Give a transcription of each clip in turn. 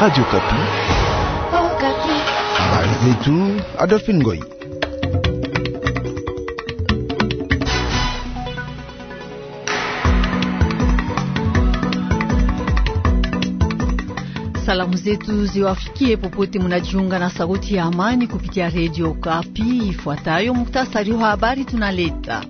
Radio Kapi. Oh, Kapi. Habari zetu Adolphine Ngoi. Salamu zetu ziwafikie popote munajiunga na sauti ya amani kupitia Radio Kapi. Ifuatayo muktasari wa habari tunaleta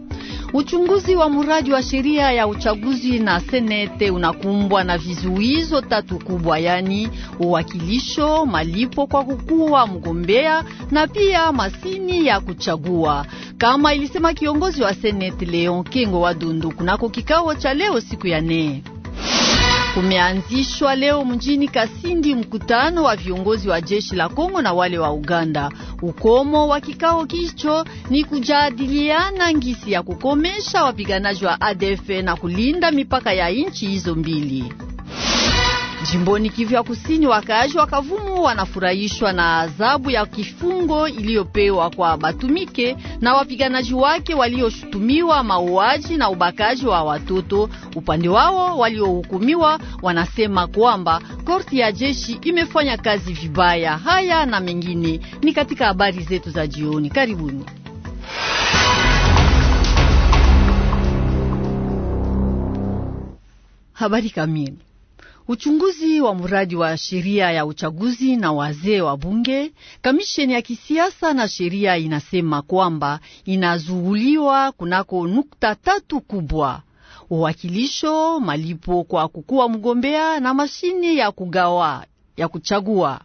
Uchunguzi wa mradi wa sheria ya uchaguzi na senete unakumbwa na vizuizo tatu kubwa, yani uwakilisho, malipo kwa kukuwa mgombea na pia masini ya kuchagua, kama ilisema kiongozi wa senete Leon Kengo wa Dundu kunako kikao cha leo siku ya nne. Kumeanzishwa leo mjini Kasindi mkutano wa viongozi wa jeshi la Kongo na wale wa Uganda. Ukomo wa kikao kicho ni kujadiliana ngisi ya kukomesha wapiganaji wa ADF na kulinda mipaka ya nchi hizo mbili. Jimboni Kivu ya Kusini, wakaaji wa Kavumu wanafurahishwa na adhabu ya kifungo iliyopewa kwa Batumike na wapiganaji wake walioshutumiwa mauaji na ubakaji wa watoto. Upande wao waliohukumiwa wanasema kwamba korti ya jeshi imefanya kazi vibaya. Haya na mengine ni katika habari zetu za jioni. Karibuni. Habari kamili Uchunguzi wa mradi wa sheria ya uchaguzi na wazee wa bunge. Kamisheni ya kisiasa na sheria inasema kwamba inazuuliwa kunako nukta tatu kubwa: uwakilisho, malipo kwa kukuwa mgombea na mashini ya kugawa ya kuchagua.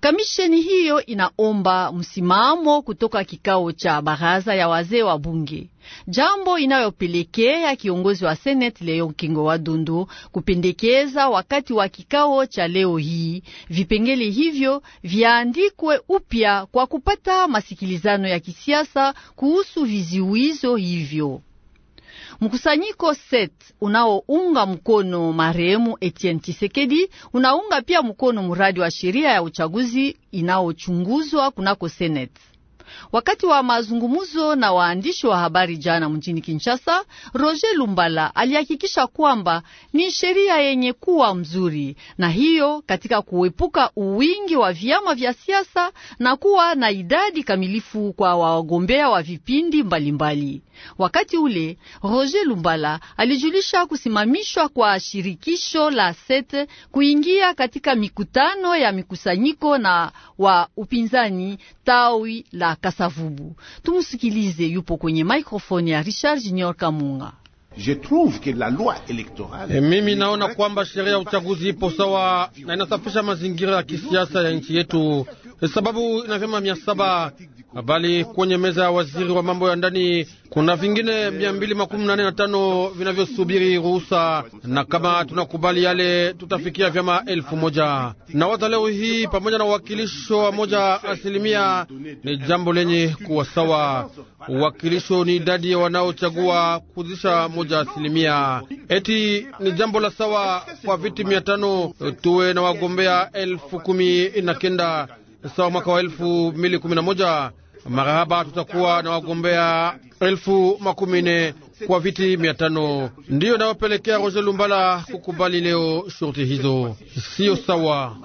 Kamisheni hiyo inaomba msimamo kutoka kikao cha baraza ya wazee wa bunge, jambo inayopelekea kiongozi wa seneti leo Kingo wa Dundu kupendekeza wakati wa kikao cha leo hii vipengele hivyo viandikwe upya kwa kupata masikilizano ya kisiasa kuhusu viziwizo hivyo. Mkusanyiko set unaounga mkono marehemu Etienne Tshisekedi unaunga pia mkono mradi wa sheria ya uchaguzi inaochunguzwa kunako Senate. Wakati wa mazungumzo na waandishi wa habari jana mjini Kinshasa, Roger Lumbala alihakikisha kwamba ni sheria yenye kuwa mzuri na hiyo katika kuepuka uwingi wa vyama vya siasa na kuwa na idadi kamilifu kwa wagombea wa vipindi mbalimbali. Wakati ule Roger Lumbala alijulisha kusimamishwa kwa shirikisho la SET kuingia katika mikutano ya mikusanyiko na wa upinzani tawi la Kasavubu. Tumusikilize, yupo kwenye mikrofoni ya Richard Junior Kamunga. Je trouve que la loi electorale... E, eh, mimi naona kwamba sheria ya uchaguzi ipo sawa na inasafisha mazingira ya kisiasa ya nchi yetu sababu inasema mia saba bali kwenye meza ya waziri wa mambo ya ndani kuna vingine mia mbili makumi nane na tano vinavyosubiri ruhusa, na kama tunakubali yale tutafikia vyama elfu moja na wata leo hii pamoja na uwakilisho wa moja asilimia ni jambo lenye kuwa sawa. Uwakilisho ni idadi ya wanaochagua kuzisha moja asilimia, eti ni jambo la sawa kwa viti mia tano tuwe na wagombea elfu kumi na kenda sawa mwaka wa elfu mbili kumi na moja. haba tutakuwa na wagombea elfu makumi nne kwa viti mia tano ndiyo inayopelekea Roger Lumbala kukubali leo shurti hizo, siyo sawa.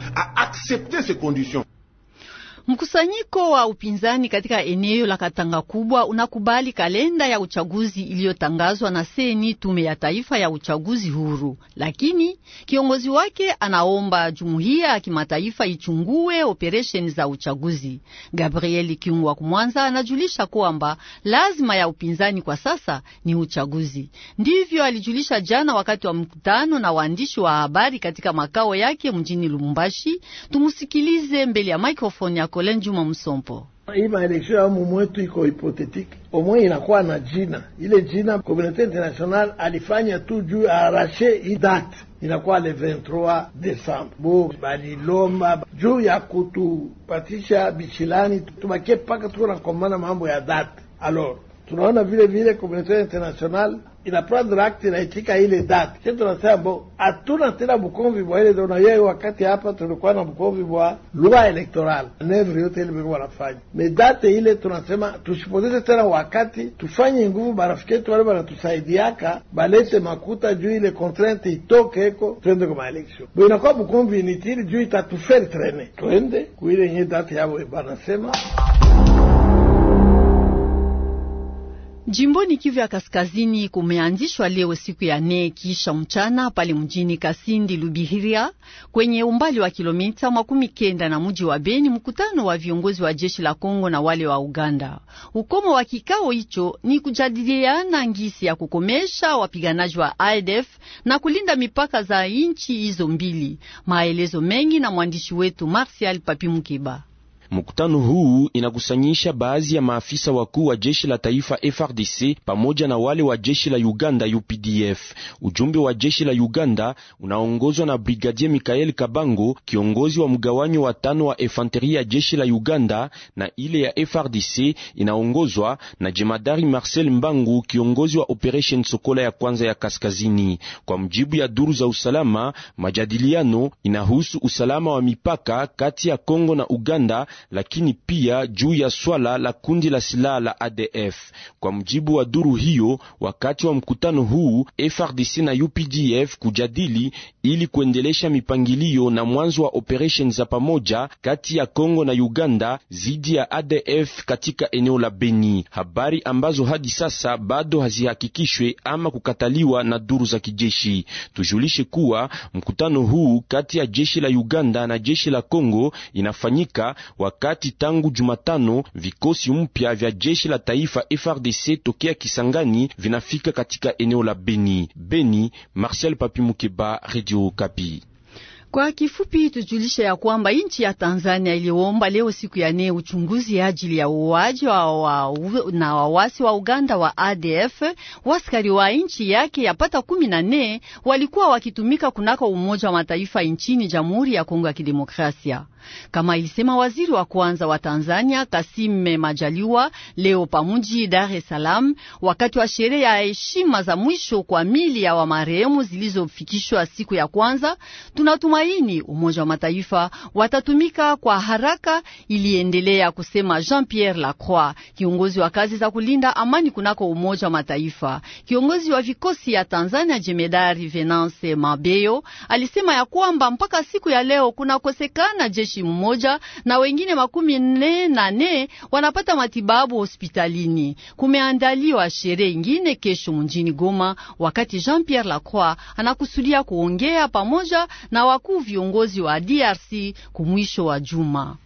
Mkusanyiko wa upinzani katika eneo la Katanga kubwa unakubali kalenda ya uchaguzi iliyotangazwa na seni tume ya taifa ya uchaguzi huru, lakini kiongozi wake anaomba jumuiya ya kimataifa ichungue operesheni za uchaguzi. Gabriel wa Kumwanza anajulisha kwamba lazima ya upinzani kwa sasa ni uchaguzi. Ndivyo alijulisha jana wakati wa mkutano na waandishi wa habari katika makao yake mjini Lubumbashi. Tumusikilize mbele ya maikrofoni ya Nicolas Njuma Msompo. Hii maeleksio ya umu mwetu iko hipotetiki, omwe inakuwa na jina ile jina komunite international alifanya tu juu arashe hii date inakuwa le 23 Desemba. Bo balilomba juu ya kutupatisha bichilani tubakie mpaka tuko nakomana mambo ya date alors tunaona vile vile komunitari international ina prendre acte inaitika ile date ke tunasema hatuna tena bukomvi bwa ile dona yeye. Wakati hapa tulikuwa na bukomvi bwa lua elektoral nevre yote ile biko wanafanya me date ile, tunasema tusipoteze tena wakati, tufanye nguvu marafiki yetu wale wanatusaidiaka balete makuta juu ile contrainte itoke eko twende kwa maelektion bo, inakuwa bukomvi initili juu itatuferi trene twende kuile nye date yabo banasema Jimboni Kivu ya Kaskazini kumeanzishwa leo siku ya nne kisha mchana pale mjini Kasindi Lubihiria kwenye umbali wa kilomita makumi kenda na mji wa Beni, mkutano wa viongozi wa jeshi la Kongo na wale wa Uganda. Ukomo wa kikao hicho ni kujadiliana ngisi ya kukomesha wapiganaji wa IDF na kulinda mipaka za inchi hizo mbili. Maelezo mengi na mwandishi wetu Martial papimukiba Mkutano huu inakusanyisha baadhi ya maafisa wakuu wa jeshi la taifa FRDC pamoja na wale wa jeshi la Uganda UPDF. Ujumbe wa jeshi la Uganda unaongozwa na Brigadier Mikael Kabango, kiongozi wa mgawanyo wa tano wa efanteri ya jeshi la Uganda, na ile ya FRDC inaongozwa na jemadari Marcel Mbangu, kiongozi wa operation Sokola ya kwanza ya kaskazini. Kwa mjibu ya duru za usalama, majadiliano inahusu usalama wa mipaka kati ya Kongo na Uganda lakini pia juu ya swala la kundi la silaha la ADF. Kwa mujibu wa duru hiyo, wakati wa mkutano huu FRDC na UPDF kujadili ili kuendelesha mipangilio na mwanzo wa operation za pamoja kati ya Kongo na Uganda zidi ya ADF katika eneo la Beni, habari ambazo hadi sasa bado hazihakikishwe ama kukataliwa na duru za kijeshi. Tujulishe kuwa mkutano huu kati ya jeshi la Uganda na jeshi la Kongo inafanyika wa wakati tangu Jumatano vikosi mpya vya jeshi la taifa FRDC tokea Kisangani vinafika katika eneo la Beni. Beni, Marcel Papi Mukeba, Radio Kapi. Kwa kifupi tujulisha ya kwamba nchi ya Tanzania iliomba leo siku ya nne uchunguzi ajili ya uwaji wa wa na wawasi wa Uganda wa ADF. Waskari wa nchi yake yapata kumi na nne walikuwa wakitumika kunako Umoja wa Mataifa nchini Jamhuri ya Kongo ya Kidemokrasia kama ilisema waziri wa kwanza wa Tanzania Kasime Majaliwa leo pamuji Dar es Salaam, wakati wa sherehe ya heshima za mwisho kwa mili ya wa marehemu zilizofikishwa siku ya kwanza. Tunatumaini Umoja wa Mataifa watatumika kwa haraka, iliendelea kusema Jean-Pierre Lacroix, kiongozi wa kazi za kulinda amani kunako Umoja wa Mataifa. Kiongozi wa vikosi ya Tanzania jemedari Venance Mabeyo alisema ya kwamba mpaka siku ya leo kunakosekana jeshi wanajeshi mmoja na wengine makumi nne na nne wanapata matibabu hospitalini. Kumeandaliwa sherehe ingine kesho mjini Goma, wakati Jean Pierre Lacroix anakusudia kuongea pamoja na wakuu viongozi wa DRC kumwisho wa juma.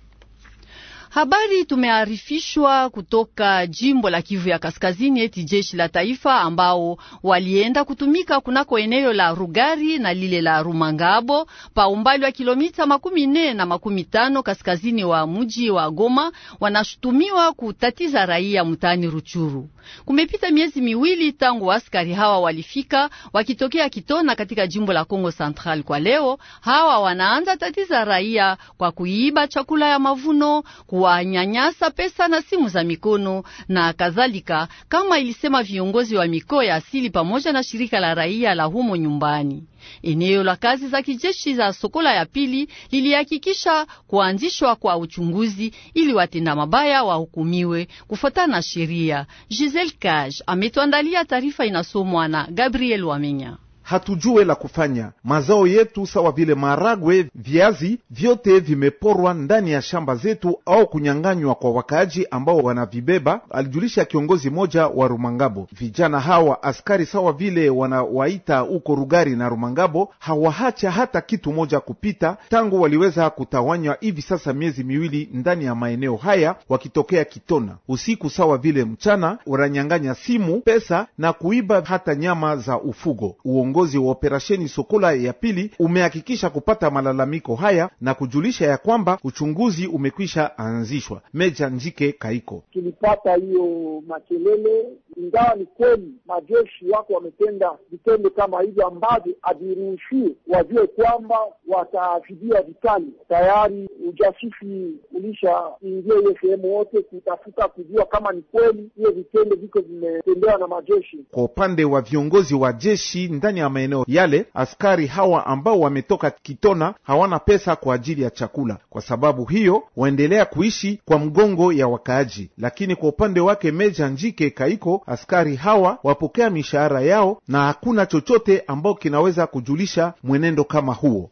Habari tumearifishwa kutoka jimbo la Kivu ya Kaskazini, eti jeshi la taifa ambao walienda kutumika kunako eneo la Rugari na lile la Rumangabo pa umbali wa kilomita makumi nne na makumi tano kaskazini wa mji wa Goma wanashutumiwa kutatiza raia mtaani Ruchuru. Kumepita miezi miwili tangu askari hawa walifika wakitokea Kitona katika jimbo la Kongo Central. Kwa leo hawa wanaanza tatiza raia kwa kuiba chakula ya mavuno kuwa kuwanyanyasa pesa na simu za mikono na kadhalika, kama ilisema viongozi wa mikoa ya asili pamoja na shirika la raia la humo nyumbani. Eneo la kazi za kijeshi za Sokola ya pili lilihakikisha kuanzishwa kwa uchunguzi ili watenda mabaya wahukumiwe kufuatana na sheria. Giselle Cage ametuandalia taarifa, inasomwa na Gabriel Wamenya hatujue la kufanya. Mazao yetu sawa vile maragwe, viazi, vyote vimeporwa ndani ya shamba zetu au kunyang'anywa kwa wakaaji ambao wanavibeba, alijulisha kiongozi moja wa Rumangabo. Vijana hawa askari sawa vile wanawaita huko Rugari na Rumangabo hawahacha hata kitu moja kupita tangu waliweza kutawanywa hivi sasa miezi miwili ndani ya maeneo haya wakitokea Kitona usiku sawa vile mchana, wananyang'anya simu, pesa na kuiba hata nyama za ufugo Uongo kiongozi wa operasheni Sokola ya pili umehakikisha kupata malalamiko haya na kujulisha ya kwamba uchunguzi umekwisha anzishwa. Meja Njike Kaiko: tulipata hiyo makelele, ingawa ni kweli majeshi wako wametenda vitendo kama hivyo ambavyo haviruhusiwe, wajue kwamba watafidia vikali. Tayari ujasusi ulishaingia hiyo sehemu yote kutafuta kujua kama ni kweli hiyo vitendo viko vimetendewa na majeshi. Kwa upande wa viongozi wa jeshi ndani ya ya maeneo yale, askari hawa ambao wametoka Kitona hawana pesa kwa ajili ya chakula. Kwa sababu hiyo waendelea kuishi kwa mgongo ya wakaaji. Lakini kwa upande wake Meja Njike Kaiko, askari hawa wapokea mishahara yao na hakuna chochote ambao kinaweza kujulisha mwenendo kama huo.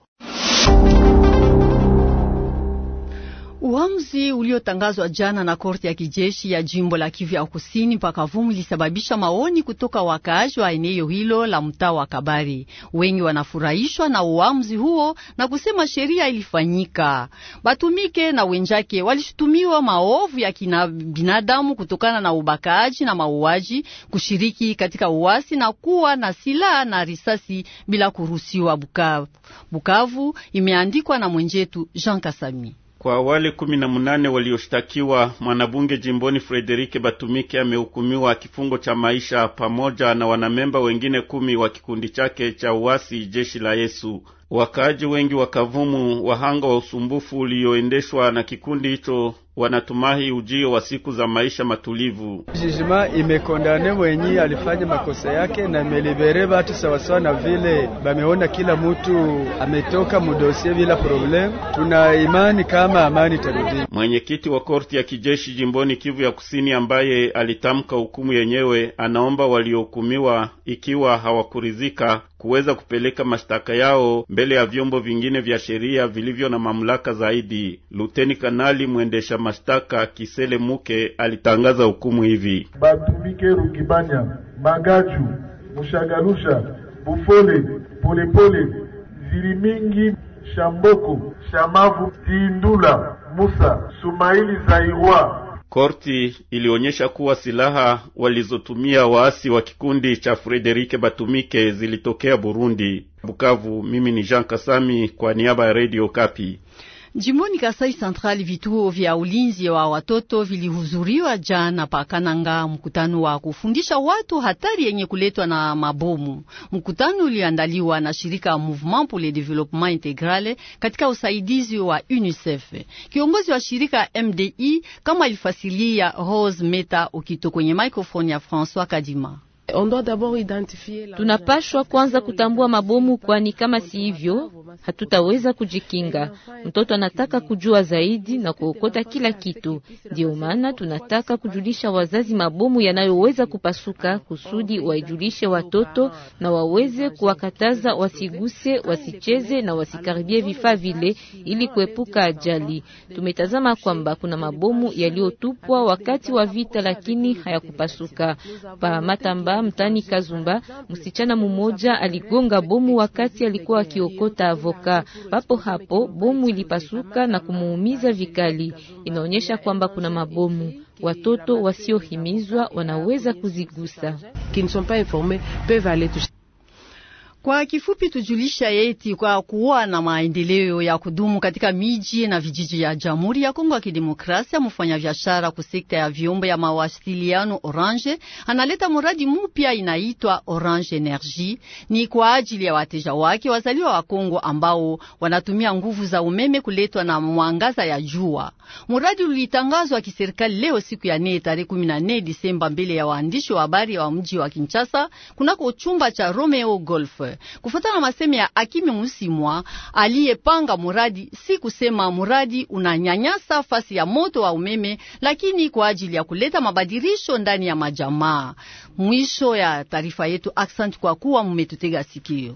Uamuzi uliotangazwa jana na korti ya kijeshi ya jimbo la Kivu ya kusini mpaka vumu ilisababisha maoni kutoka wakaaji wa eneo hilo la mtaa wa Kabari. Wengi wanafurahishwa na uamuzi huo na kusema sheria ilifanyika. Batumike na wenjake walishutumiwa maovu ya kina binadamu kutokana na ubakaji na mauaji, kushiriki katika uasi na kuwa na silaha na risasi bila kuruhusiwa. Bukavu, Bukavu imeandikwa na mwenjetu Jean Kasami. Kwa wale kumi na munane walioshtakiwa, mwanabunge jimboni Frederike Batumike amehukumiwa kifungo cha maisha pamoja na wanamemba wengine kumi wa kikundi chake cha uasi Jeshi la Yesu. Wakaaji wengi wa Kavumu wahanga wa usumbufu ulioendeshwa na kikundi hicho wanatumahi ujio wa siku za maisha matulivu. Jijima imekondane wenyi alifanya makosa yake na imelibere batu sawasawa, na vile bameona kila mutu ametoka mudosie bila problem. Tuna imani kama amani tarudi. Mwenyekiti wa korti ya kijeshi jimboni Kivu ya Kusini, ambaye alitamka hukumu yenyewe, anaomba waliohukumiwa, ikiwa hawakuridhika, kuweza kupeleka mashtaka yao mbele ya vyombo vingine vya sheria vilivyo na mamlaka zaidi. Luteni Kanali mwendesha mashtaka Kisele Muke alitangaza hukumu hivi: Batumike Rugibanya, Magaju, Mushagalusha, Bufole, Polepole, Zilimingi, Shamboko, Shamavu, Tindula, Musa, Sumaili, Zairwa. Korti ilionyesha kuwa silaha walizotumia waasi wa kikundi cha Frederike Batumike zilitokea Burundi. Bukavu, mimi ni Jean Kasami kwa niaba ya Radio Kapi. Jimboni Kasai Central, vituo vya ulinzi wa watoto vilihuzuriwa jana pakananga mkutano wa kufundisha watu hatari yenye kuletwa na mabomu. Mkutano uliandaliwa na shirika Mouvement pour le Développement Integral katika usaidizi wa UNICEF. Kiongozi wa shirika MDI kama ilifasilia Rose Meta Okito kwenye microphone ya François Kadima. Tunapashwa kwanza kutambua mabomu, kwani kama si hivyo hatutaweza kujikinga. Mtoto anataka kujua zaidi na kuokota kila kitu, ndio maana tunataka kujulisha wazazi mabomu yanayoweza kupasuka kusudi waijulishe watoto na waweze kuwakataza wasiguse, wasicheze na wasikaribie vifaa vile ili kuepuka ajali. Tumetazama kwamba kuna mabomu yaliyotupwa wakati wa vita, lakini hayakupasuka pa matamba mtani Kazumba, msichana mmoja aligonga bomu wakati alikuwa akiokota avoka. Papo hapo bomu ilipasuka na kumuumiza vikali. Inaonyesha kwamba kuna mabomu watoto wasiohimizwa wanaweza kuzigusa. Kwa kifupi tujulisha yeti kwa kuwa na maendeleo ya kudumu katika miji na vijiji ya Jamhuri ya Kongo ya Kidemokrasia, biashara ku sekta ya vyombo ya mawasiliano Orange analeta muradi mpya inaitwa Orange Energie. Ni kwa ajili ya wateja wake wazaliwa wa Kongo ambao wanatumia nguvu za umeme kuletwa na mwangaza ya jua. Muradi ulitangazwa kiserikali leo siku ya nne tarehe 14 Disemba mbele ya waandishi wa habari wa mji wa Kinshasa kunako chumba cha Romeo Golf. Kufuatana na masemi ya Akimi Musimwa aliyepanga muradi, si kusema muradi unanyanyasa fasi ya moto wa umeme, lakini kwa ajili ya kuleta mabadilisho ndani ya majamaa. Mwisho ya taarifa yetu. Aksanti kwa kuwa mumetutega sikio.